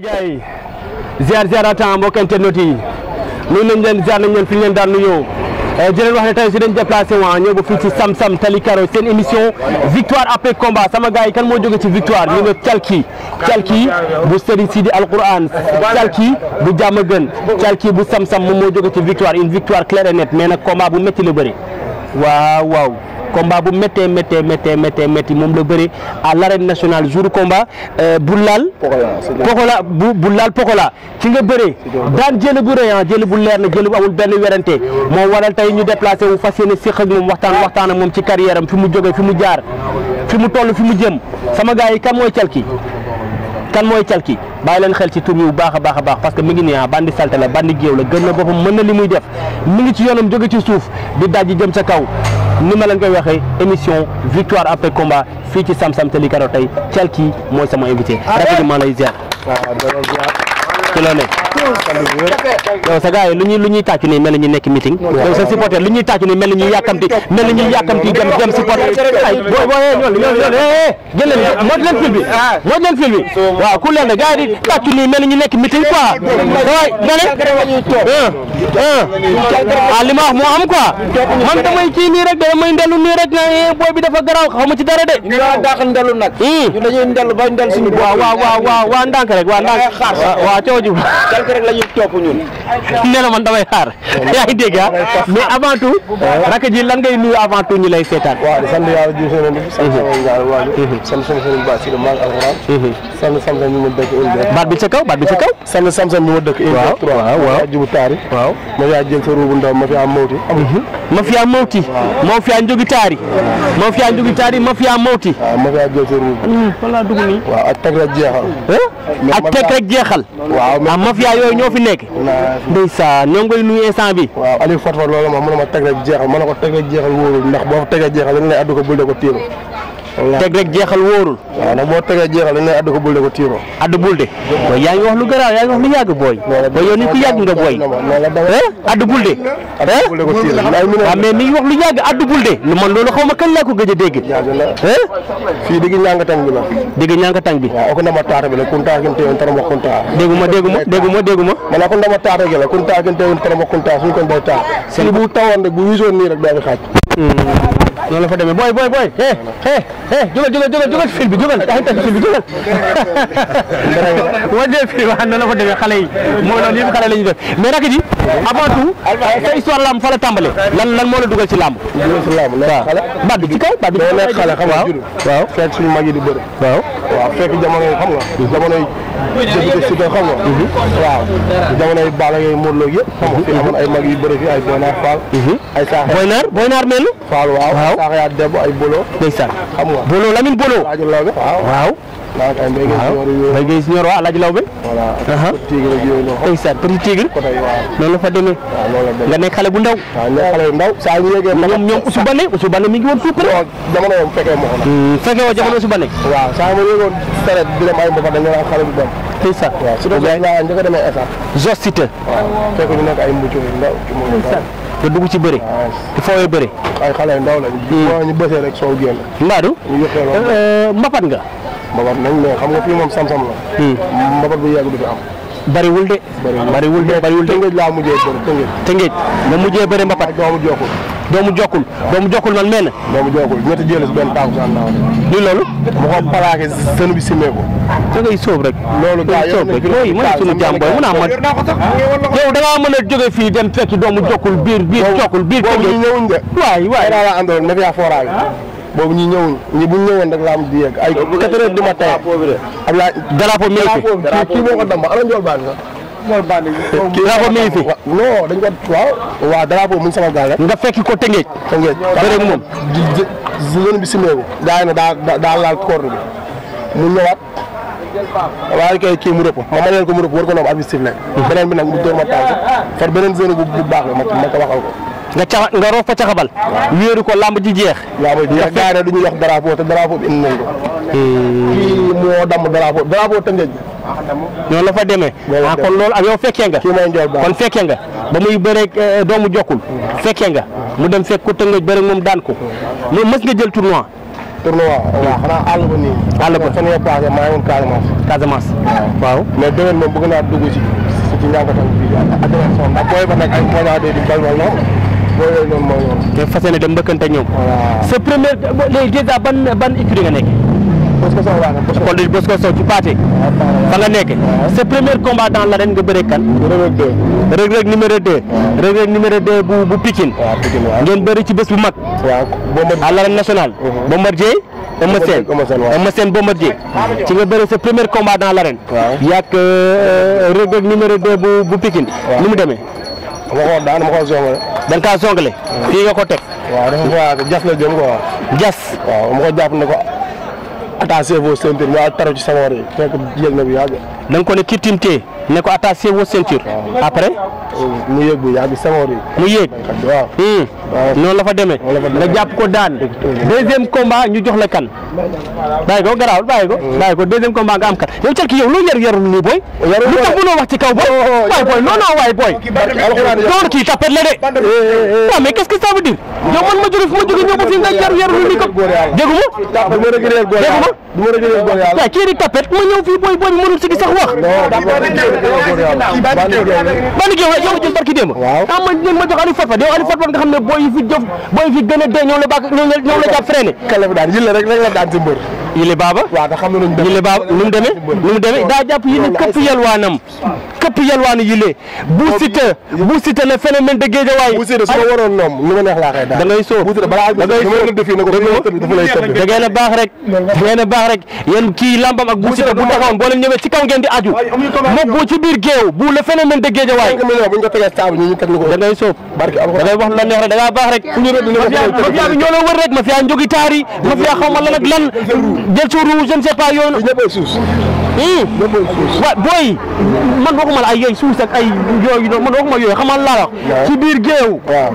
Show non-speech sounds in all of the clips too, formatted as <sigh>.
gaay ziar ziarata mbokk internet yi nuyu nañ leen ziar nañ leen fi ñu leen daan nuyoo eh, di leen wax ne tey si dañ déplacé wa ah, ñëw ba fii ci Sam Sam Tali Karo seen émission victoire après combat sama gars yi kan moo jóge ci victoire ñu ne calki calki bu Serigne Sidi Alquran calki bu jàmm gën calki bu Sam Sam moo jóge ci victoire une victoire claire et nette mais combat bu métti la bëri waaw waaw combat mettez, mettez mettez mettez mettez mon mom à l'arène nationale jour combat euh, boulal boulal, pokola boulal pokola ci nga bëree daan jël bu rëy ah, jël bu leer na jël bu amul ben wéranté mo waral tay ñu déplacer wu fas petit ak waxtaan waxtaan ak ci carrière am fi mu jógee fi mu jaar fi mu toll fi mu jëm sama gaay yi kan moy calki kan moy calki bàyyi leen xel ci barre, yu baax baax parce que mi ngi nii ah, la bandi la gën le boppam mën def mi ngi ci yoonam joggé ci souf di jëm nous allons leen koy émission victoire après combat fii ci Sam Sam Tali tel qui moi sama invité. rapidement lay ziar. yow sa gars lu ñuy lu ñuy tàccu nii mel ñu nekk meeting yow sa supporter lu ñuy tàccu nii mel ni ñu yàkkamti mel ni ñu yàkkamti dem dem supporter ay boo boo ñool ñool ñool jël leen ah. moot ku leen de gars mel ni ñu nekk meeting quoi waay ah li ma wax moo am quoi man damay kii nii rek damay ndelu nii rek na eh, booy bi dafa garaaw xaw ma ci dara de ñu dàq ndelu nag hmm. ñu dañuy ndelu ba ndel suñu waaw waaw waaw waaw ndànk rek waaw ndànk waaw coow donc rek la ñuy topp ñun nee na man damay xaar oh, yaa ngi dégg oh, oh, mais avant tout rak ji lan ngay nuyu avant tout ñi lay seetaan waaw di sant yàlla ji seen bi sant sama ngal si ma alxuraan sant samsam ñu ma dëkk indi baat bi ca kaw baat bi ca kaw sant samsam ñu ma dëkk indi waaw waaw jibu taari waaw ma yaa jël sa ruubu ndaw ma fi am mawti ma fi am mawti moo fi am njogi taari ak teg rek jeexal ak teg rek jeexal waaw ma combat yooyu ñoo fi nekk ndeysaan ñoo ngi koy nuyu instant bi waaw Aliou Fatfat loolu moom mën ma teg rek jeexal mën na ko teg jeexal woo ndax boo fa tegee jeexal dañ lay addu ko bul de ko tiim teg rek jeexal wóorul. waaw nag boo tegee jeexal dañ lay àdd ko bulde ko tiiroo. àdd bulde booy yaa ngi wax lu garaaw yaa ngi wax lu yàgg booy. booy yow ni ku yàgg nga booy. àdd bulde. àdd bulde ko tiiroo waaw mais mi ngi wax lu yàgg àdd bulde lu man loolu xaw ma kañ laa ko gëj a dégg. fii digg ñànga tàng bi la. digg ñànga tàng bi. waaw ok nama taata bi la kuntaa kin teewoon tarama kuntaa. dégguma dégguma ko nama taata taa. seen bu tawoon rek bu wisoon nii rek daal di xaaj noonu la fa demee booy booy booy eh eh eh jógal jógal jógal fil bi jógal ay tëj fil bi jógal moo <laughs> dee fil waaw noonu la fa demee xale yi mooy noonu yëpp xale la ñu def mais a ji avant tout sa histoire la fa la tàmbalee lan lan moo la dugal ci lamb dugal ci lamb waaw bat bi ci kaw bat bi ci kaw nekk xale xam waaw waaw fekk suñu mag yi di bëri waaw waaw fekk jamono yi xam nga mhm. jamono yi débuté si xam nga mhm. waaw jamono yi Balla Gaye Modou Lo yëpp xam nga fi amoon ay mag Boy Naar mhm. Boy Naar Boy Fall. Fall waaw waaw sax yaa debo ay Bolo. ndeysaan xam nga Bolo Lamine Bolo. waaw. maa ngi ay mbéy ngay si ñor waaw ngay si ñor waaw Alaaji Lawbe. voilà uh-huh. tigre ak yooyu noonu. ndeysaan petit tigre. côté waaw noonu la fa demee. waaw loolu la demee nga nekk xale bu ndaw. waaw nekk xale bu ndaw saa yu yëgee. ñoom ñoom Ousou Bane Ousou Bane mi ngi woon tuuti. waaw jamono fekkee moo ko nag. Hmm, fekkee waaw saa ma yëgoon traite bi dem ay mbapat dañu naan xale bu dem. ndeysaan Jos Cité. waaw nga dugg ci bëri. te fooyee bëri. ay xale ndaw la. Hmm. ñu rek soo génn. Mbadou. ñu euh, mbapat nga. mbapat nañ mais xam nga fii moom sam la. Hmm. mbapat bu yàgg du fi am. bariwul de. bariwul de bariwul de tëngéej laa mujjee bëri tëngéej. tëngéej nga mujjee bëri mbapat. doomu jokkul. doomu jokkul doomu jokkul man mel na. doomu jokkul ñetti jëlee si benn taaku saan daaw. luy loolu. mu ko palaake sënu bi simee ko da ngay sóob rek. loolu gaa yow nag mooy mooy sunu jàmm booy mun a man yow da ngaa mën a jóge fii dem fekk doomu jokkul biir biir jokkul biir. boobu ñu ñëwuñ de. waay waay da la àndoon na fi forage boobu ñu ñëwuñ ñi bu ñu ñëwoon rek laa am di yegg ay quatre heures du matin ak la drapeau mi fi kii boo ko damm ana njool baan nga njool baan drapeau mi fi non dañ ko waaw waaw drapeau mu sama gaal rek nga fekk ko tëngeej tëngeej bëre moom lën bi simeeku gaa yi ne daa daa laal koor bi mu ñëwaat waaye kay kii mu rëpp ma ma leen ko mu rëpp war ko noom arbitre sifflé beneen bi nag mu dóor ma tànk beneen zone bu baax la ma ko nga caxa nga roof fa caxabal ko lamb ji jeex lamb ji jeex gaa yi du ñu te drapeau bi indi nañ ko hmm. kii moo damm demee ah kon loolu ak yow fekkee nga kon fekkee nga ba muy bëreeg eh, mu jokkul hmm. fekkee nga mu dem fekk ko tëngëj bëreeg moom daan ko mais hmm. mës nga jël tournoi tournoi waaw xanaa àll ba nii. àll ba fan yoo paase maa ngi woon waaw. mais déwén moom bëgg naa dugg ci ci njàngatan bi ak yeneen son ndax booy ba nag ay croisades di balbal noonu booy yooyu noonu mooy yoon. te fas yéene dem mbëkkante ñoom. sa première léegi ban ban écurie nga nekk. kon di Bosco Sow ci Pathé fa nga nekk sa premier combat dans l'arène nga bëre kan Reug Reug numéro 2 Reug Reug numéro 2 bu bu ngeen bëri ci bés bu mag à l'arène uh-huh. Bombardier Eumeu Sène Bombardier ci nga bëri sa premier combat dans l'arène yaak euh, Reug Reug numéro bu bu Pikine ni mu demee da fii nga ko teg jas la jëm ko waaw jas ma ko jàpp ne ko attaché vos ceintures nga taru ci sawar yi fekk yëg na bu yàgg. da nga ko ne ki timtee ne ko attaché woo ceinture. Ah. après. Oh, mu yéeg bu yàgg sangor yi. mu yéeg. Hmm. waaw noonu la fa demee. nga jàpp ko daan. deuxième combat ñu jox la kan. bàyyi ko garaawul bàyyi ko. bàyyi ko deuxième combat nga am kan yow Thielki yow lu yar yarul nii booy. yarul lu tax mënoo wax ci kaw booy. Oh, oh, waay booy non waay booy. door kii tapet la de. Eh, eh, eh. waaw mais qu'est-ce que ça veut dire. yow man ma jógee fu du ma rëggee góor yàlla waaw kii di ma ñëw si gi wax. non yow jël barki démb. waaw ma ma jox Aliou Fatfat yow Aliou Fatfat nga xam ne booy fi jëf booy fi gën a dee ñoom la bàq ñoom la ñoom la jàpp rek rek la daan ci mbër. yile baaba yile baaba nu mu demee nu mu demee daa jàpp yile këpp yalwaanam këpp yalwaanu yile bu Siteu bu Siteu le phénomène de Guédiawaye bu Siteu su ma waroon noom nu ma neex laa koy da ngay sóob da ngay sóob da ngeen a baax rek da ngeen a baax rek yéen kii lambam ak bu Siteu bu taxawoon boo leen ñëwee ci kaw ngeen di aju moom bu ci biir géew bu le phénomène de Guédiawaye da ngay sóob da ngay wax la neex rek da ngaa baax rek mafia bi ñoo la wër rek mafia njogi taar yi mafia xaw ma lan ak lan jël ci ruuj je ne sais pas yoonu. ñëppay suuf. ñëppay suuf waaw booy man waxuma la ay yooyu suuf ak ay yooyu man waxuma yooyu xamal laa la. ci biir géew. waaw.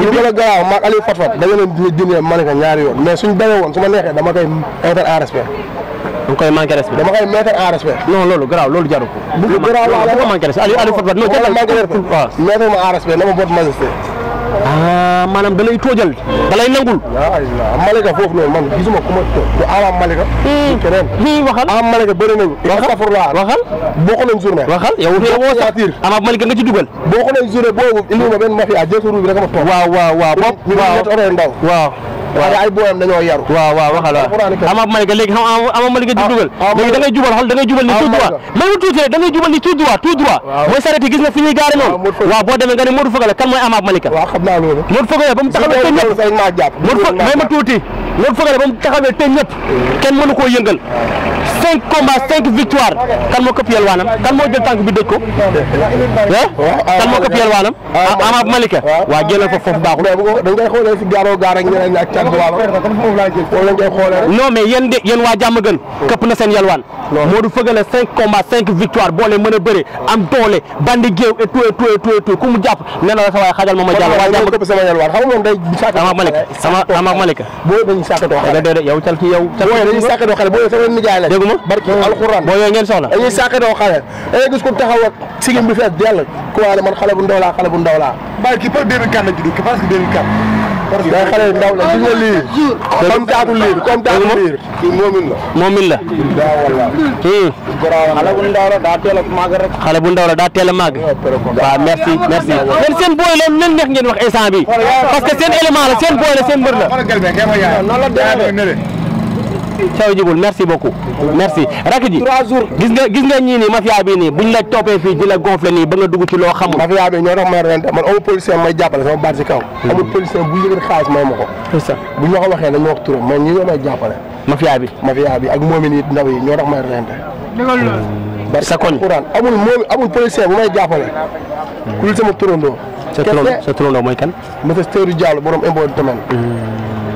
ñu gën a garaaw maag Aliou Fat Fat dañu leen jëndee ma ne ko ñaari yoon mais suñ demee woon su ma neexee dama koy mettre en respect. dama koy manqué respect dama koy mettre en respect. non loolu garaaw loolu jaru ko. bu garaaw la manqué respect Aliou Aliou Fat Fat non jël manqué respect waaw mettre ma en respect dama bot majesté maanaam da lay toojal da lay nangul Malika foofu noonu man gisuma ku ma ku Ama Malika keneen i waxal Ama Malika bëri nañ astafurlah waxal boo ko nañ journée waxal yow woo satir Ama Malika nga ci dugal boo ko nañ journée boobu ma benn mafia jël sa ma toog waaw waaw waaye ay booyam dañoo waaw waaw waxal waaw ama malika léegi xam malika di ah, dugal léegi da ngay jubal xool da ngay jubal ni tout droit même tuuti rek da ngay jubal ni tout droit tout droit mooy saret yi gis nga fi ñuy gaare noonu waaw boo demee nga ne Modou mooy ama malika waaw xam naa loolu Modou Feugeleu ba mu taxawee tey ñëpp ba mu taxawee tey ñëpp kenn mënu koo yëngal cinq combats cinq victoires kan moo këpp yelwaanam kan moo jël tànk bi dëj ko eh? kan moo këpp yelwaanam ah, ah, Ama Malika a am doole sama yelwaan xam Malika Ama Malika boo dañuy sàkkatoo xale eh, yow cal ki yow dégguma barki alxuraan boo yooyu ngeen soxla dañuy sàkkatoo xale dañuy gis ko taxaw ak sigim bi fees man xale bu ndaw laa xale bu ndaw laa bàyyi ki la judd la gis nga lii comme taatu liir moomin la moomin la xale bu ndaw daa teel a xale bu ndaw la daa teel a màgg waaw merci merci yéen booy la nen neex ngeen wax instant bi parce que seen élément booy la seen mbër ca Djiboul merci beaucoup merci rakk ji gis nga gis nga ñii nii mafia bi nii buñ la toppee fii di la gonfle nii ba nga dugg ci loo xamul mafia bi ñoo tax may rente man amul policier may jàppale sama baat si kaw amul ma ko bi mafia bi ak moomi nii ñoo tax may rente hmm. sa koñ amul moom amul policier bu may jàppale hmm. ku dul sama turandoo sa turandoo mooy kan monsieur Seydou Diallo borom impôt domaine hmm.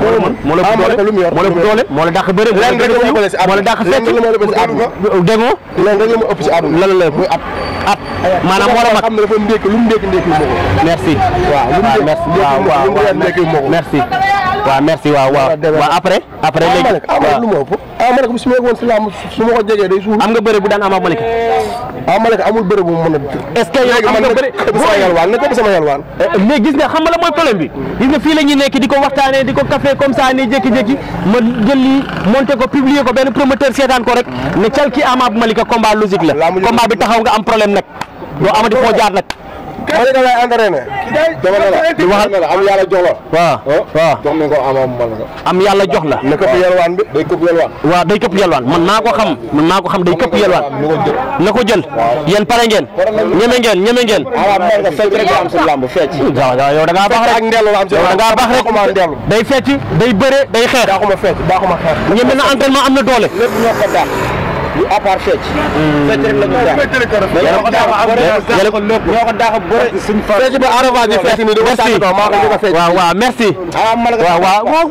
moo la ëpp doole moo la ëpp doole moo la dàq bëre moo la dàq fecc déggoo lan rek la ma ëpp si àdduna lan la ëpp at at maanaam moo la mag xam ne dafa ndékk lu mu ndékk ndékk moo ko merci waaw lu mu ndékk ndékk moo ko merci waaw merci waaw waaw après après léegi lu ma ëpp ah Malika bu si meeku woon si am nga bëre bu daan am ah, Malika. amul bëre bu mu mën a. est ce que yow am eh, léegi nga xam la mooy problème bi. gis nga fii la nekk di ko waxtaanee di ko café comme ça nii jékki-jékki ma jël lii monté ko publier ko benn promoteur seetaan ko rek ne cal ki ama bu Malika combat logique la. combat bi taxaw nga am problème nag doo amati foo jaar nag. ma ne da ngay entraîné. dama ne la li la am yàlla jox la. waaw oh, jox ko amam man la. am yàlla jox la. na këpp yelwaan bi day këpp yelwaan. waaw day këpp yelwaan man maa ko xam man maa xam day këpp yelwaan. na ko jël yéen pare ngeen. ñeme ngeen ñeme ngeen. Ah, waaw man de fecc rek am si lamb fecc. waaw waaw yow da ngaa baax rek yow da ngaa baax rek day fecc day bëre day xeex. baaxuma fecc baaxuma xeex. am na doole. lépp à part fecc. fecc rek la ñu daax. ñoo ko daax a bëre fecc ba arava bi fecc ni dafa tàggatoo maa ko jëkk a fecc. waaw waaw merci. Ah, waaw waaw waaw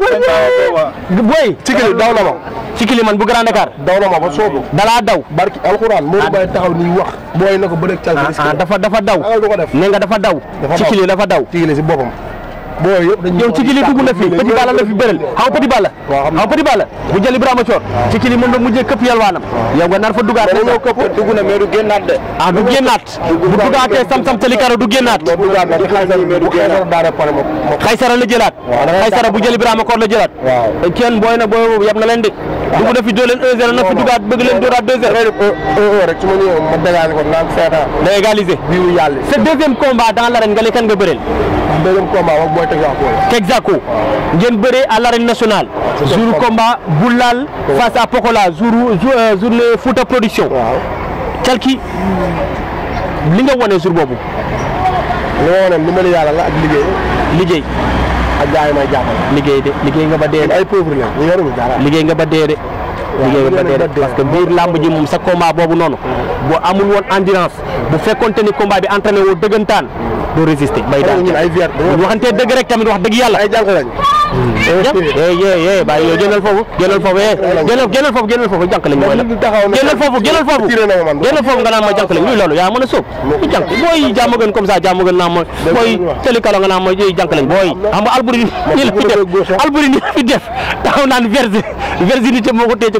boy ci kili daw na ma. ci kili man bu Grand Dakar. daw na ma ba soobu. dalaa daw. barki ah. ah, nga dafa daw. ci dafa daw. ci si boppam. boo yëpp dañuy yow ci kili dugg na fi Petit Balla la fi bëral xaw Petit Balla xaw Petit Balla bu jël Ibrahima Thior ci kili mën na mujjee këpp yalwaanam yow nga nar fa dugaat dugg na mais du génnaat de ah du génnaat bu dugaatee sam-sam tali karo du génnaat xaysara la jëlaat xaysara bu jël Ibrahima Thior la jëlaat kenn booy na booy yab na leen de bu mu fi dugaat bëgg leen dooraat 2-0. rek su ma ñëwee ma dégagé ko naan seetaan. nga égalisé bii yàlla. sa combat dans l'arène nga ne nga bëreel. deuxième combat moom mooy Texaco la. Texaco ngeen bëree à l'arène nationale. jour combat bu laal face à Pokola jour journée euh, Fouta production. waaw li nga wane jour boobu. li ma wane ni ma la yàlla la ak liggéey. ak gars yi may liggéey de liggéey nga ba dee de ay pauvre la liggéey nga ba dee de liggéey bi ba dee parce que biir làmb ji moom sa combat boobu noonu bu amul woon endurance bu fekkonte ni combat bi entraîné woo dëggantaan doo résister bay daal wax nga naan ma jànq lañ luy loolu yaa mën a sóob bu jànq booy jàmm gën comme ça jàmm naa ma booy nga naan ma yooyu jànq booy xam alburi nii la fi def alburi nii la fi def taxaw naan versi <laughs> versinité moo ko tee ci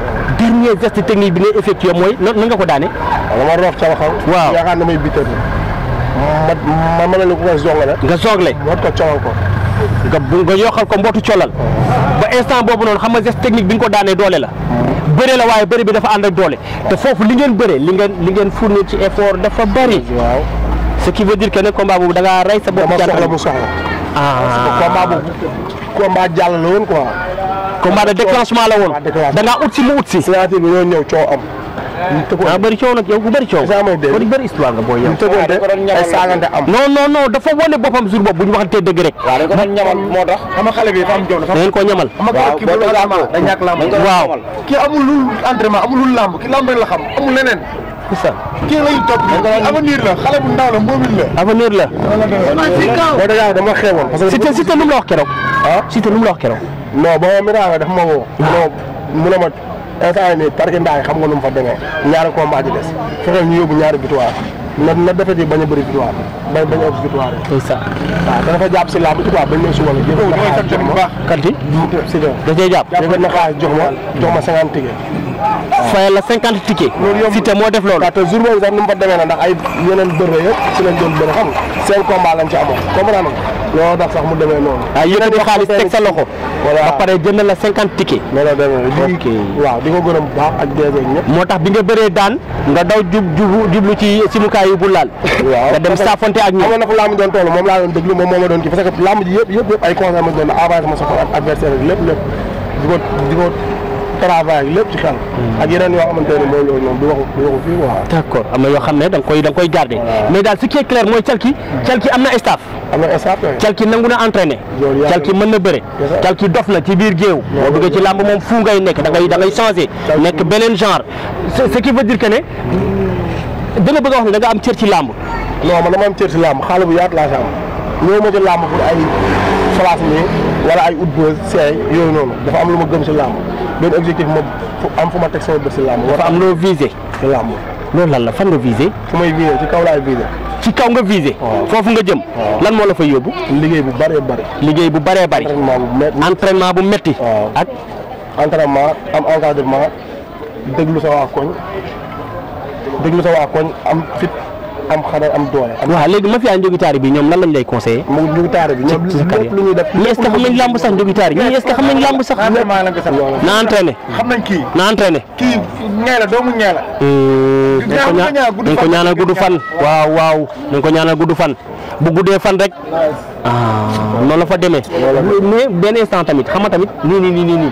dernier geste technique bi ngay effectué mooy nan nga ko daane. waaw ma roof sama xaw. waaw yaakaar na may bitter ma ma mel ni ku nga zongale. nga zongle. mot ko colal ko. nga nga yokkal ko mbootu colal. ba instant boobu noonu xam nga geste technique bi nga ko daanee doole la. bëre la waaye bëre bi dafa ànd ak doole. te foofu li ngeen bëre li ngeen li ngeen fournir ci effort dafa bari. waaw ce qui veut dire que ne boobu dangaa ngaa rey sa bopp. dama soxla mu soxla. ah parce que combat boobu combat jàll la woon quoi. combat de déclenchement la woon. da ngaa ut si mu ut si. signature bi ñoo ñëw coow am. Hmm. ah bëri coow nag yow ku bëri coow. bëri bëri histoire nga booy yow. ay saagante am. non non non dafa wane boppam jour boobu bu ñu waxantee dëgg rek. waaw dañ ko doon ñamal moo tax. xam nga xale bi dafa am jom dafa. da ngeen koo ñamal. waaw boo doon làmb da ñàkk làmb. waaw kii amul lu entraînement amul lu làmb ki làmb rek la xam amul leneen. c'est kii lay topp avenir la xale bu ndaw la mobile la. avenir la. dama xeeboon. parce que Siteu Siteu lu mu la wax keroog. ah Siteu lu mu la wax keroog. non ba ma miraayoo daf ma woo. Ah. mu ne ma instant yii nii parking ndaay xam nga nu mu fa demee ñaari combat ji des fexeel ñu yóbbu ñaari victoire na na defet yi bañ a bëri victoire bañ bañ a ëpp victoire yi. c'est jàpp si làmb ci quoi bañ ne suba la. jëf na da cee jàpp jëf na xaalis jox ma jox ma cinquante ticket. fayal la cinquante ticket. Siteu moo def loolu. te jour boobu sax ni mu fa demee na ndax ay yeneen bëre yëpp si lañ doon mu demee noonu. ah yëkkati ko xaalis teg sa loxo. voilà ba pare tax bi nga bëree daan nga daw jub jublu ci simukaay yu bu laal. waaw nga dem saafonte ak ñoom. amoon na fa laamu doon toll moom laa doon ak adversaire lépp lépp di ko travail lépp ci xel. Hmm. ak yeneen yoo xamante ne mooy loolu moom du waxu xam ne da koy da nga koy garder. mais daal ce qui est clair mooy Thialki. Thialki hmm. am na staff. am na nangu na entraîner. loolu Thialki na bëre. Thialki dof na ci biir géew. boo bëggee ci làmb moom fu ngay nekk da ngay da ngay changé. nekk beneen genre ce qui veut dire que ne da nga a wax ne da nga am cër ci làmb. non man dama am cër ci làmb la bu place nii wala ay ut bës seey yooyu noonu dafa am lu ma gëm si làmb benn objectif ma am fu ma teg sama bët si làmb. dafa am loo visé. si làmb loolu lan la fan nga visé. fu may visé ci kaw laay visé. ci kaw nga visé. foofu nga jëm. lan moo la fa yóbbu. liggéey bu bëree bëri. liggéey bu baree bëri. entraînement bu métti. ak entraînement am encadrement déglu sa waa koñ déglu sa waa koñ am fit. am xale am doole. waaw léegi mafia njogitaar bi ñoom lan lañ lay conseillé. moom njogitaar bi ñoom lépp lu ñuy def. mais est-ce que xam nañ làmb sax njogitaar yi ñoom est-ce que xam nañ làmb sax. vraiment la nga sax na entraîné. xam na entraîné. kii ñeela ko ñaanal gudd fan waaw waaw dañ ko ñaanal gudd fan bu guddee fan rek ah, noonu la fa demee mais benn instant tamit xam tamit nii nii nii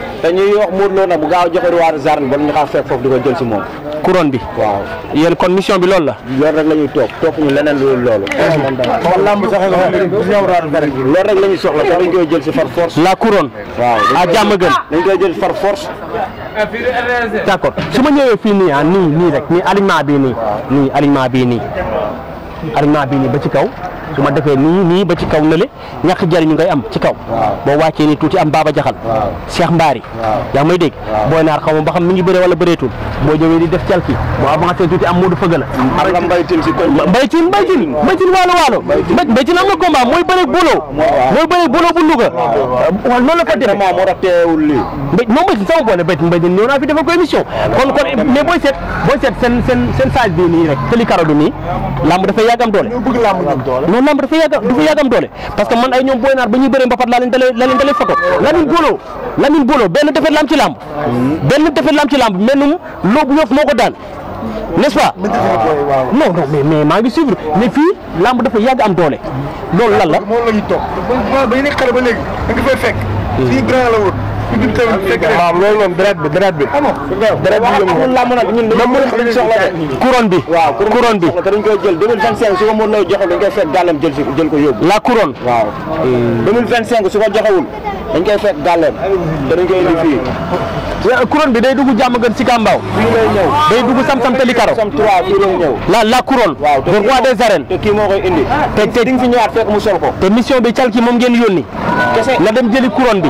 te ñuy wax Modou Lo nag bu gaaw a joxe ruwaatu zarn ba ñu xam fekk foofu di ko jël si moom. couronne bi. waaw yéen kon mission bi loolu la. loolu rek la ñuy toog topp ñu leneen loolu loolu. kon rek la ñuy soxla sax koy jël si far force. la couronne. waaw ah jàmm gën. dañ koy jël far force. d' accord su ma ñëwee fii nii ah nii nii rek nii alignement bii nii. nii alignement bi nii. nii ba ci kaw. bu ma defee nii nii ba ci kaw na le ñàkk jariñu ngay am ci kaw boo wàccee nii tuuti am baaba jaxal Cheikh Mbaari yaa may dégg booy naar xaw ma ba xam mi ngi bëree wala bëreetul boo ñëwee di def calki boo avancé tuuti am Modou Fëgala mbaytin si koñ mbaytin mbaytin mbaytin waalo waalo mbaytin am na combat mooy bëre bolo mooy bëre bolo bu Louga waaw noonu la ko defee moo tax teewul lii moom mbaytin sama boole mbaytin mbaytin ñëw naa fi dafa ko émission kon kon mais booy seet booy seet seen seen seen sage bi nii rek tëli karo du nii lamb dafay yàggam doole membre dafa yàgg am doole parce que man ay ñoom booy naar ba ñuy bëree mbapat laa leen dalee Bolo Lamine Bolo benn defet laam ci làmb benn loobu yof moo ko daan n'est-ce pas non non mais mais maa ngi fii làmb dafa yàgg am doole loolu lan la waaw loolu moom deret bi deret bi deret bi ñun lamb nag ñun dañu ko soxla de couronne bi waaw couronne bi dañ koy jël 2025 su ko mën lay joxe dañ koy fekk gàllam jël si jël ko yóbbu la couronne waaw 2025 hmm. su ko joxewul dañ koy fekk gàllam te dañ koy indi fii couronne ya, bi day dugg jàmm gën si Kambaaw fii lay ñëw day dugg sam sam tali sam 3 fii lay ñëw la la couronne le roi des arènes te kii moo koy indi te te di nga fi ñëwaat fekk mu sol ko te mission bi cal ki moom ngeen yónni la dem jëli couronne bi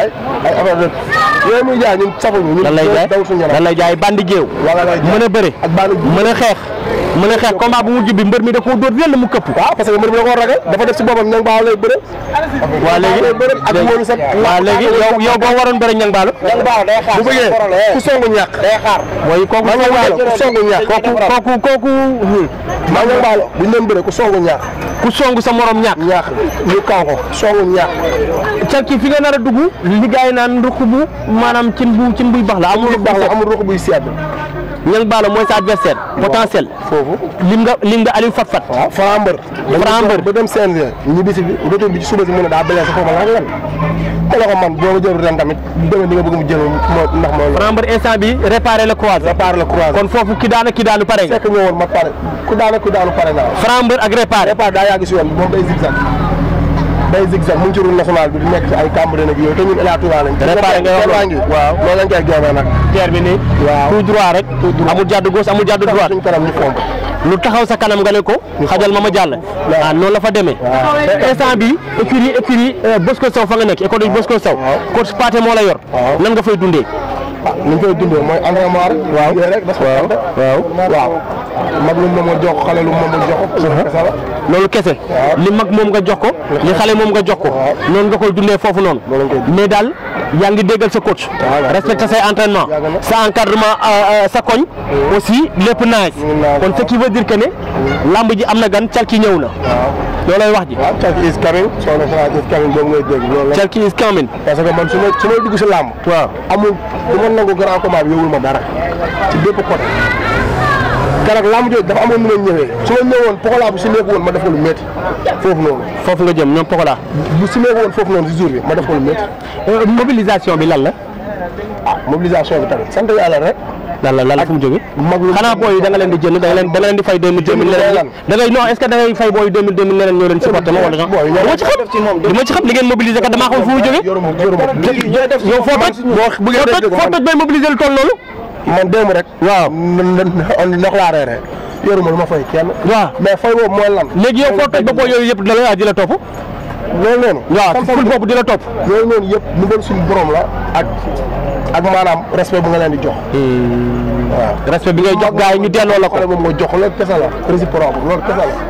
哎，哎，不是。yooyu muy jaay ñun safuñu ñu daw suñu lan lay jaay bandi géew mën a bëre mën a xeex mën a combat bu mujj bi mbër mi da koo dóor yël mu këpp waaw parce que mbër bi da koo ragal dafa def si boppam ñang baaw lay bëre waa léegi ak moom set waa léegi yow yow boo waroon bëre ñang baalu ñang baaw day xaar bu bëggee ku songu day xaar ñang ku songu hmm. ñang bu ñu leen ku songu ku songu sa morom ñu ko songu ki fi nga dugg li naan bu maanaam cin bu cin buy baax la amul. buy baax la amul ruq buy mooy sa adversaire potentiel. foofu lim nga lim nga Aliou Fat Fat. waaw Franc Mbeur. ba dem CNG ñu bi suba si mu ne daa bële sa foofu lan lan. te la ko man boo ma jëlul ren tamit demee li nga bëgg mu jël moo mooy. Franc Mbeur instant bi réparer le croisé. réparer le croisé kon foofu ki daana ki daanu pare nga. ak réparer. daa yàgg si yoon moom day zigzag. day zigzag mu ngi ci route nationale bi di nekk ci ay cambre nag yooyu te ñun Ila Touba lañ. réparé nga wax loolu lañ koy génnee nag. terre bi droit rek. amul jàddu gauche amul jàddu droite lu taxaw sa kanam nga ne ko xajal ma ma jàll ah noonu la fa demee instant bi écurie écurie euh, Bosco Sow fa nga nekk école yi Bosco Sow coach moo la yor nan nga fay dundee waaw ah, ni ñu koy dundee mooy entraînement rek waaw waaw waaw mag lu moom nga jox ko xale lu moom uh-huh. loolu kese. li mag moom nga jox ko. li xale moom nga jox ko. noonu nga koy dundee foofu noonu. mais daal yaa ngi déggal sa coach. respecter say entraînement. sa encadrement euh, euh, sa koñ. aussi lépp naaj. kon ce qui veut dire que lamb ji am na gan calki ñëw na. loolay wax ji. waaw calki is coming. soo ne calki is coming su ma dugg si lamb. waaw amul du ma nangu grand combat bi yowul ma dara ci bépp côté. keroog làmb jooju dafa amoon nu ma ñëwee su ma ñëwoon Pokola woon ma bu si nekk woon ma def ko lu métti. Euh, mobilisation bi lan la. Ah, la lan la fu mu jógee. xanaa booy yi leen di jënd da leen di fay deux mille deux mille leneen da ngay non fay deux mille deux mille leneen ñoo leen supporté ma wala ma ci xam du ma kat damaa xam fu mu jógee foo toj foo toj bay mobiliser lu toll loolu man démb rek. waaw ndox laa reeree. yoruma lu ma fay kenn. waaw mais fay boobu mooy lan. léegi yow foo toj ba booy yooyu yëpp da la ah di la topp. loolu noonu. waaw ful boobu di la topp. loolu noonu yëpp mu gën suñu borom la ak ak maanaam respect bu nga leen di jox. Hmm. waaw bi ngay jox gars yi ñu delloo la ko. moom mooy jox loolu kese la réciproque loolu kese la.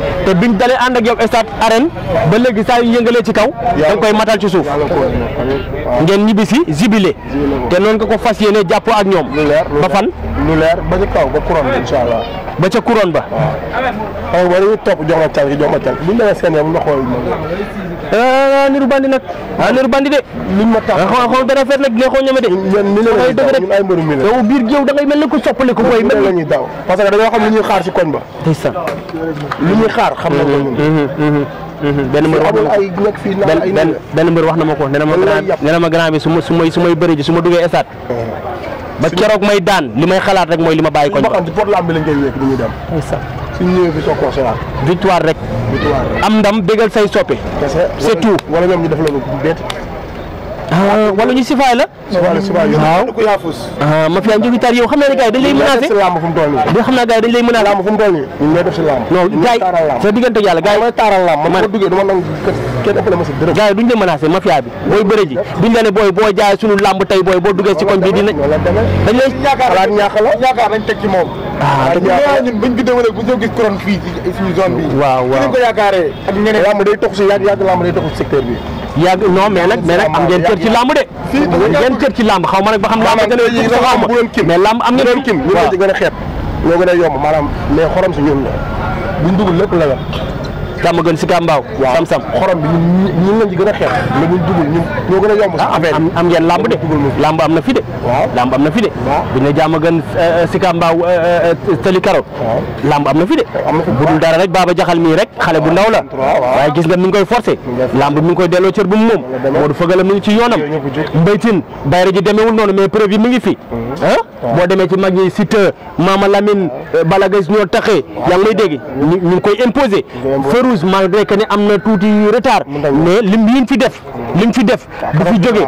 doole te biñ dalee ànd ak yow stade arène ba léegi saa yu yëngalee ci kaw da nga koy matal ci suuf ngeen ñibbi si jubilé te noonu nga ko fas yéene jàppoo ak ñoom ba fan lu leer ba ca kaw ba couronne bi incha allah ba ca couronne ba waaw xam nga dañuy topp jox ma cànk jox ma cànk buñ demee ah niru bandi nag ah niru bandi de. luñ ma tax ah, xool xool dana fet nag neexoo ñeme de. ñun ñun ñu dëgg biir géew da ngay mel ne ku soppali ko booy. mel la ñuy daw que dañoo xam lu ñuy xaar si koñ xaar xam na ko ñun. Mm-hmm, mm-hmm, mm-hmm. benn mbër wax na ko ma grand nee su ma su may su may bëri su ma duggee esaat. Uh-huh. ba may daan li may xalaat rek mooy li ma bàyyi koñ ba. li ma xam si porte victoire rek. am ndam bégal say soppe. c'est tout ah, ñu sifaay la. sifaay la sifaay ah, taar yow xam naa ne gars dañ lay menacé. si làmb fu mu toll nii. xam naa gars yi dañ lay menacé. làmb sa diggante yàlla gars duñ la menacé mafia bi booy bëre ji duñ la booy boo jaay sunu làmb tey booy boo duggee si koñ bi dina. dañ lay yaakaar xalaat ñaax la yaakaar dañ teg ci moom Ah, ah te ñun bañ ko déwénee bu soo gis couronne fii ci suñu zone bi waaw waaw ko yaakaaree ak ñeneen làmb day tox si yàgg yàgg làmb day tox si secteur bi yàgg non mais nag mais nag am ngeen cër ci làmb de ngeen cër ci làmb xaw ma nag ba xam làmb gën a mais làmb am ngeen kim ñu ci gën a xeeb ñoo gën a yomb maanaam mais xorom si ñun la buñ dugul lépp la la dama gën si Kambaaw. waaw sam sam xorom bi ñun ñun lañ ci gën a xeex. mais ñun dugub ñun ñoo gën a yomb. Ah, affaire am am ngeen làmb de. làmb am na fi de. waaw làmb am na fi de. waaw bu ñu la jàmm gën eh, eh, eh, Karo. làmb am na fi de. bu dul dara rek Baba Jaxal mii rek xale bu ndaw la. waaye gis nga mi ngi koy forcé. làmb mi ngi koy delloo cër bu mu moom. moo du fëgala mi ngi ci yoonam. mbéytin bayra ji demeewul noonu mais preuve yi ngi fi hmm. Ah? Ah? ah boo demee ci mag ñi Siteu Mama Lamine ah. eh, Balla Gaye ñoo taxee yaa may dégg ñu koy imposer Farouz malgré que ne am na tuuti retard mais lim liñ fi def lim fi def bu fi jógee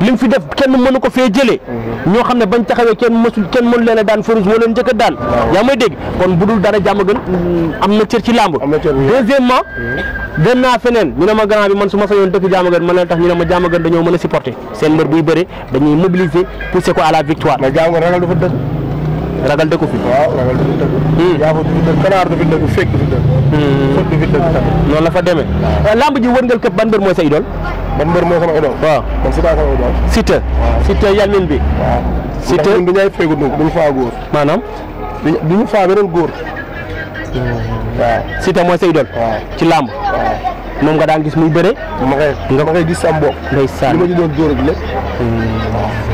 lim fi def kenn mënu ko fee jëlee mm-hmm. ñoo xam ne bañ taxawee kenn mësul a daan Farouz moo leen njëkk daan yaa may dégg kon budul dara jàmm gën mm, am na cër ci làmb deuxièmement mm-hmm. dem feneen ñu ne ma grand bi man su ma sañoon dëkk jàmm gën man leen tax ñu ne ma jàmm gën dañoo mën a supporter trois mais jàngoon ragal du fa dëkk ragal dëkku fi waaw ragal du fi dëkk yaa du fi dëkk du fi fekk du fekk fi la fa lamb ji wërngal ban idol ban mbër sama idol waaw kon si sama idol Siteu Siteu yalmin bi waaw Siteu ñun fegu idol ci lamb moom nga daan gis muy bëre ma ngay nga ma ngay gis ñu doon ak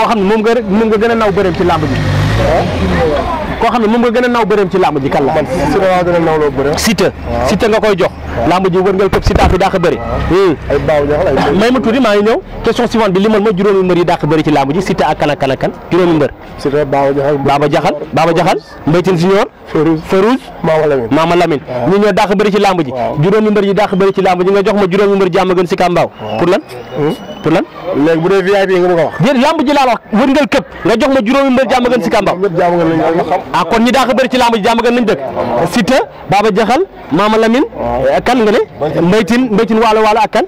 koo xam ne moom nga moom nga gën a naw bëreem ci làmb ji. koo xam ne moom nga gën a naw bëreem la. Siteu Siteu nga koy jox. làmb ji wërngal këpp Siteu fi dàq bëri. Hmm. may ma tuuti maa ngi ñëw question suivante bi limal ma juróomi mbër yi dàq bëri ci làmb ji Siteu ak kan ak kan ak kan juróomi mbër. Siteu Baba Jaxal Baba Jaxal Mbaye Tine Junior. Farouz Mama Lamine Mama Lamine ñu ñoo dàq bëri ci làmb ji. juróomi mbër yi dàq bëri ci làmb ji nga jox ma juróomi mbër jàmm gën si Kambaaw pour lan hmm? pour lan bu dee ma ko lamb ji laa wax wërngal këpp nga jox ma juróomi mbër jàmm gën si kàmbaam ah kon ñi daa ko bëri ci lamb ji jàmm gën nañ dëkk Sita Baba Jaxal Mama Lamine eh, kan nga ne mbaytin mbaytin waalo waalo ak kan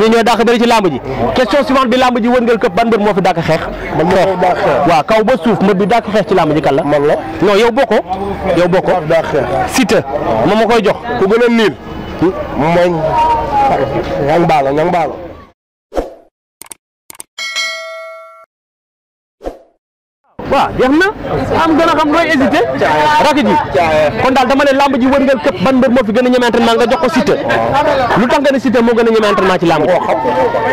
ñi ñoo dàq bëri ci lamb ji question suivante bi lamb ji wërngal këpp ban mbër moo fi dàq xeex xeex waaw kaw ba suuf mbër bi dàq xeex ci lamb ji kan la non yow bokko yow bokko Sita ma ma koy jox ku gën a niil Mình Yang balo, yang balo waaw jeex na am gën a xam looy hésité rakk ji kon daal dama ne lamb ji wërngal këpp ban mbër gën a ñeme entraînement nga jox ko Siteu lu tax nga ne Siteu gën a ñeme entraînement ci lamb ji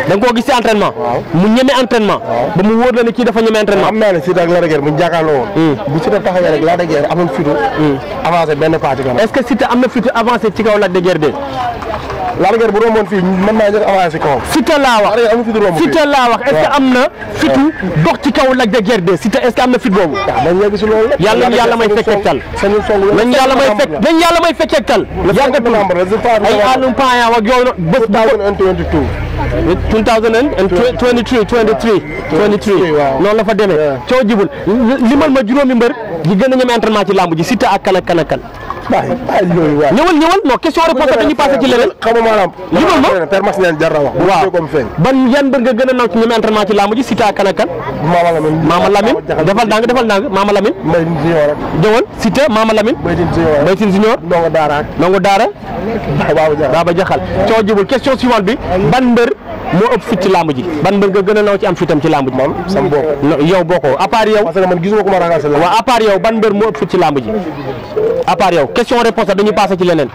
da nga koo gis ci entraînement mu ñeme entraînement ba mu wóor la ne kii dafa ñeme entraînement am naa ne Siteu ak Lac de Guiers buñ jàkkaarloo woon hmm. bu Siteu taxawee rek Lac de Guiers amoon fitu hmm. avancé benn parti est-ce que Siteu am na fitu avancé ci kaw Lac de Guiers bu romboon fii mën naa njëkk avancé kawam. Siteu laa wax Siteu laa wax est-ce que am na. fitu dox ci kaw Lac de Guiers de Siteu est-ce que am na fit boobu. yàlla na yàlla may fekkee tal. nañ yàlla may fekk nañ yàlla may fekkee tal. yàggatul ay àllum paayan ak yooyu noonu bés daaw. 2023 23 23 noonu la fa demee coow jibul limal ma juróomi mbër yi gën a ñeme entraînement ci làmb ji Siteu ak kan ak kan ak kan waaye ay yooyu waaye. ñëwal ñëwal non question réponse dañuy passé ci leneen. xam nga maanaam. li ma ma per mas neen jar na wax. waaw ban yan bër nga gën a naw ci ñoom entraînement ci làmb ji Siteu kan ak defal ndànk defal ndànk Maama jëwal Siteu Maama Lamine. Mbaytin Junior Mbaytin Daara Baaba Jaxal Baaba Jaxal question suivante bi ban mbër moo ëpp fit ci làmb ji ban mbër nga gën a naw ci am fitam ci làmb ji. man sam boo ko yow boo ko à ko ma ragal waaw à part ban mbër moo ëpp fit ci làmb ji à part yow question réponse à dañuy passé ci leneen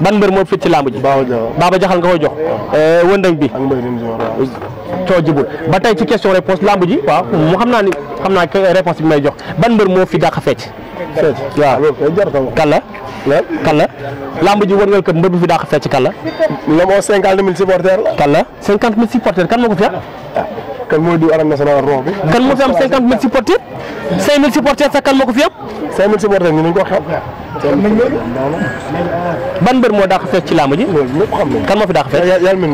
ban mbeur mo fit ci làmb ji Baba Jaxal nga ko jox eh, wëndëng bi coo jibul ba tay ci question réponse ji réponse bi may jox ban fecc waaw kan la kan la lamb ji wërngal kër mbër fi dàq fecc kan la la moo la kan kan fi kan di arène nationale ron bi kan moo fi am cinquante mille supporters cinq mille kan moo fi am cinq mille supporters ñu ko xam ban mbër moo dàq fecc lamb ji kan moo fi fecc ya- min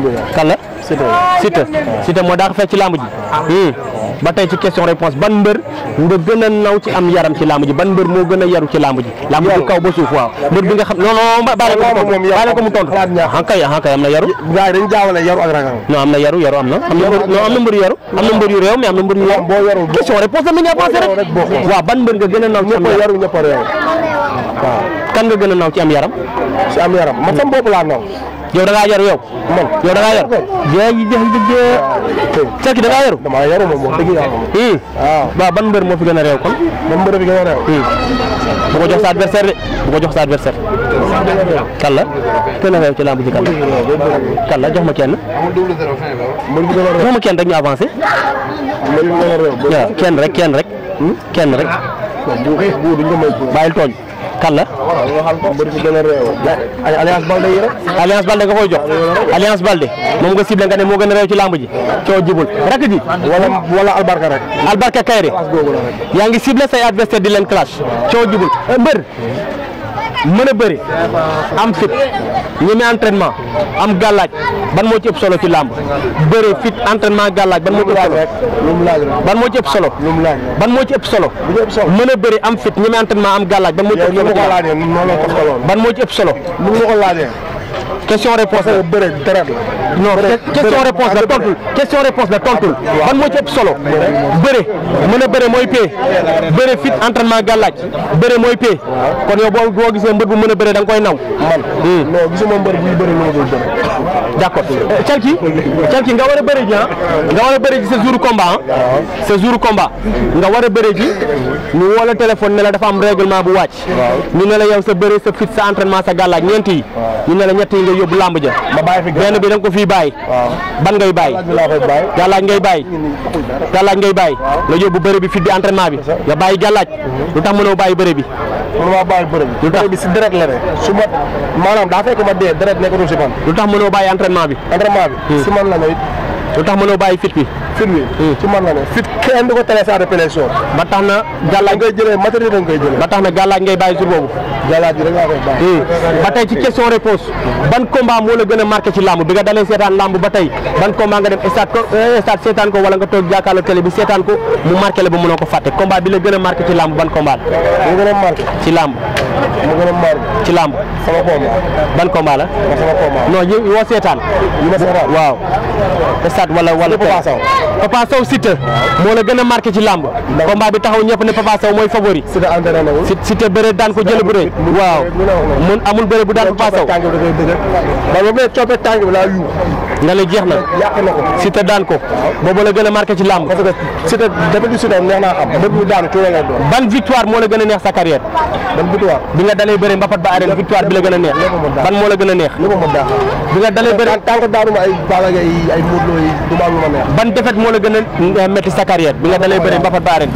kan fecc lamb ji ah. hmm. ba tey ci question réponse ban mbër nga gën a naw ci am yaram ci làmb ji ban mbër moo gën a yaru ci làmb ji làmb ji kaw ba suuf waaw mbër bi nga xam non non baale mu tontu ah kay ah kay am na yaru gars am na yaru yaru am na am na mbër yu réew mais am na mbër yu yaru question réponse la mi ngi avancé rek waaw ban mbër nga gën a naw ci am yaru a réew waaw kan nga gën a naw ci am yaram ci am yaram ma sam boobu laa naw yow da ngaa yor yow man yow da ngaa yor jërëjëf jërëjëf. fekk da ngaa hmm. ban mbër moo fi gën a réew kon. ban mbër bi gën a réew. Hmm. bu ko jox sa adversaire de bu ko adversaire. kan la gën a réew ci lamb ji kan la jox ma kenn. jox ma kenn rek ñu avancé. waaw kenn rek kenn rek. Hmm? kenn rek. bàyyil tooñ. kan la. alliance Balde yi rek. alliance Balde nga koy jox. alliance Balde moom nga ciblé nga ne moo gën a ci lamb ji coow jibul rek ji. wala albarka rek. albarka Kayre yaa ngi ciblé say adversaire di leen clash coow jibul mbër mën a bëri am fit ñeme entraînement am gàllaaj ban moo ci ëpp solo ci làmb bëre fit entraînement gàllaaj ban moo ci ëpp solo ban moo ci ëpp solo ban moo ci ëpp solo mën a bëre am fit ñeme entraînement am gàllaaj ban moo ci ëpp solo ëpp solo question réponse la oh, bëre deret la. non question réponse la tontul question réponse la tontul ban moo ci solo bëre mën a bëre mooy pay bëre fit entraînement gàllaaj bëre mooy pay kon yow boo boo gisee mbër bu mën a bëre da nga koy naw. man hmm. non gisuma mbër buy bëre lu ma bëre. d' accord eh, Thielky Thielky nga war a bëri ji ah nga war a bëri ji sa jour combat ah sa nga war a bëri ji ñu woo la téléphone ne dafa am règlement bu wàcc ñu ne la yow sa bëri sa fit sa entraînement sa gàllaaj ñeent yi ñu ne la ñett yi nga yóbbu làmb ja benn bi da nga ko fii bàyyi ban ngay bàyyi gàllaaj ngay bàyyi nga yóbbu bëri bi fit bi entraînement bi nga bàyyi gàllaaj mhm. lu tax mënoo bàyyi bëri bi mënu maa bàyyi bëri bi. lu tax bi si deret la ne su ma maanaam daa fekk ma dee deret nekkatul si man. lu tax mënoo bàyyi entraînement bi. entraînement bi hmm. si man la ne lu tax mënoo bàyyi fit bi fit bi hmm. ci man la ne fit kenn du ko tere sa répétition ba tax na gàllaaj ngay jëlee matériel dañ koy jëlee ba tax bàyyi sur boobu bi rek laa koy bàyyi hmm. ba tey ci question réponse ban combat moo la gën a marqué ci làmb bi nga dalee seetaan làmb ba tey ban combat nga dem stade ko eh, stade seetaan ko wala nga toog jàkkaarloo télé bi seetaan ko mu marqué la ba mënoo ko fàtte combat bi la gën a marqué ci làmb ban combat la gën a marqué a seetaan waaw stade wala wala. Papa moo la gën a marqué ci làmb. combat bi taxaw ñëpp ne Papa mooy favori. Siteu entraîné daan ko jël bu rëy. waaw mun amul bëre bu daan Papa nga ne jeex na yàq daan ko boobu la gën a marqué ci làmb. ban victoire moo la gën a neex sa carrière. bi nga dalee bëre mbapat ba arène victoire bi la gën a neex. ban moo la gën a neex. bi nga dalee bëre tànk daanuma ay Balla Gaye du ma ban défaite moo la gën a euh, métti sa carrière bi nga dalee bëri Mbapat Ba Arène.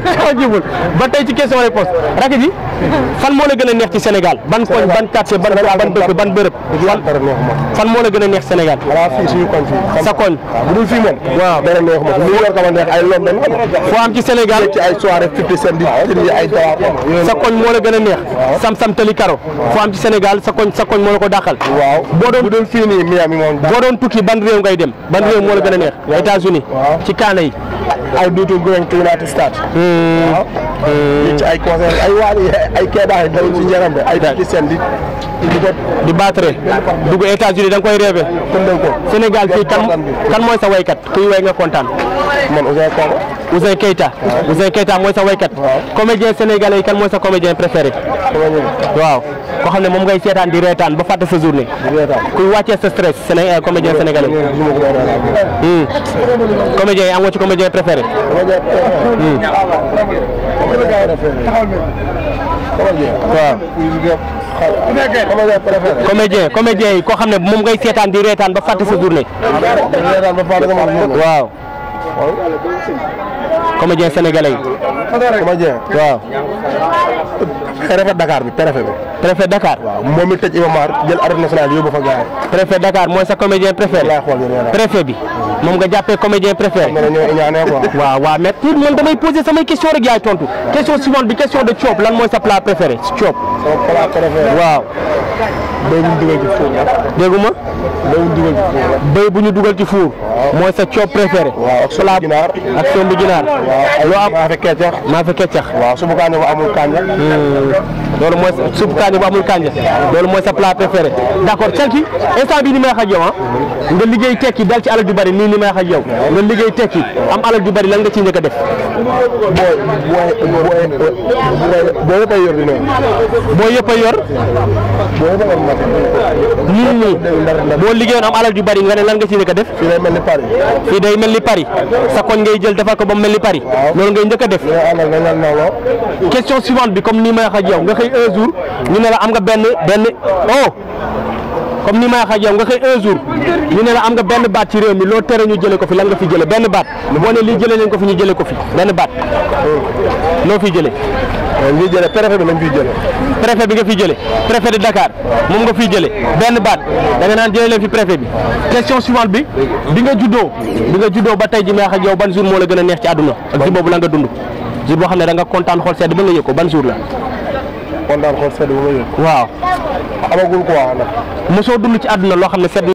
xanaa <laughs> jubul ba tey ci question réponse rakk ji fan moo la gën a neex ci Sénégal ban koñ ban quartier ban bërëb fan moo la gën a neex Sénégal waaw sa koñ bu dul fii moom waaw dara neex ma New York ma neex ay London foo am ci Sénégal ci sa koñ moo la gën a neex sam sam tali karo foo am ci Sénégal sa koñ sa koñ moo la ko dàqal boo doon bu boo doon tukki ban réew ngay dem ban réew moo la gën a neex États-Unis ci kaana yi I do to going to li eh, ci ay conseil ay waa ay keebaax yi daw ci yaram ay ci seen di di def di battre dugg États-Unis da nga koy rêvé Sénégal fii kan kan mooy sa waykat kuy way nga kontaan man Ouzin Keita Ouzin Keita Ouzin Keita mooy sa waykat comédien sénégalais yi kan mooy sa comédien préféré waaw ko xam ne moom ngay seetaan di reetaan ba fàtte sa journée kuy wàccee sa stress séné euh, comédien sénégalais hmm. comédien yi amoo ci comédien hmm. waaw. comédien comédien yi koo xam ne moom ngay seetaan di reetaan ba fàtte sa journée. waaw. comédien é sénégalais comédien é? waaw. préfet Dakar bi préfet bi. préfet Dakar. waaw moom it tëj Iba Mar jël arrêt national yóbbu fa gars préfet Dakar mooy sa comédien préféré. préfet bi. moom nga jàppee comédien préféré. waaw waaw mais pour man damay poser samay question rek yaay tontu. question suivante bi question de Thiop lan mooy sa plat préféré Thiop. plat préféré waaw. béy bu ñu dugal ci four déggu ma. ñu dugal ci four. béy bu ñu ci four. mooy sa Thiop préféré. waaw saabu ak sombu ginaar. loo am maa fi keccax. maa fi keccax. waaw subu kaane bu amul kanja. Hmm. loolu mooy subu kaane bu amul kanja. loolu mooy sa plat préféré. d' accord Thielki instant bii ni may wax ak yow ah. nga liggéey tekki dal ci alal ju bari nii ni may wax ak yow. nga liggéey tekki am alal ju bari lan nga ciy njëkk a def. booy booy booy yëpp a yor dina booy yëpp a yor. a nii nii boo liggéeyoon am alal ju bari nga ne lan nga ciy njëkk a def. fii day mel ni Paris. sa koñ ngay jël dafa ko ba mu mel ni Paris loolu ngay njëkk def question suivante bi comme ni may wax ak nga xey 1 jour ñu ne la am nga ben ben oh comme ni may wax ak yow nga xëy un jour ñu ne la am nga benn baat ci réew mi loo tere ñu jëlee ko fi lan nga fi jëlee benn baat boo ne lii jëlee leen ko fi ñu jëlee ko fi benn baat loo fi jëlee. waaw li bi lañ fiy jëlee. préfet bi nga fiy jëlee préfet de Dakar moom nga fiy jëlee benn baat da naan jële leen fi préfet bi question suivante bi bi nga juddoo bi nga juddoo ba tey ji may wax ak yow ban jour moo la gën a neex ci àdduna ak ci boobu la nga dund jour boo xam ne da kontaan xool sedd ba nga yëg ko ban jour la. kon daal xool sedd bu ma yëg. waaw amagul quoi nag. mosoo dund ci àdduna loo xam ne sedd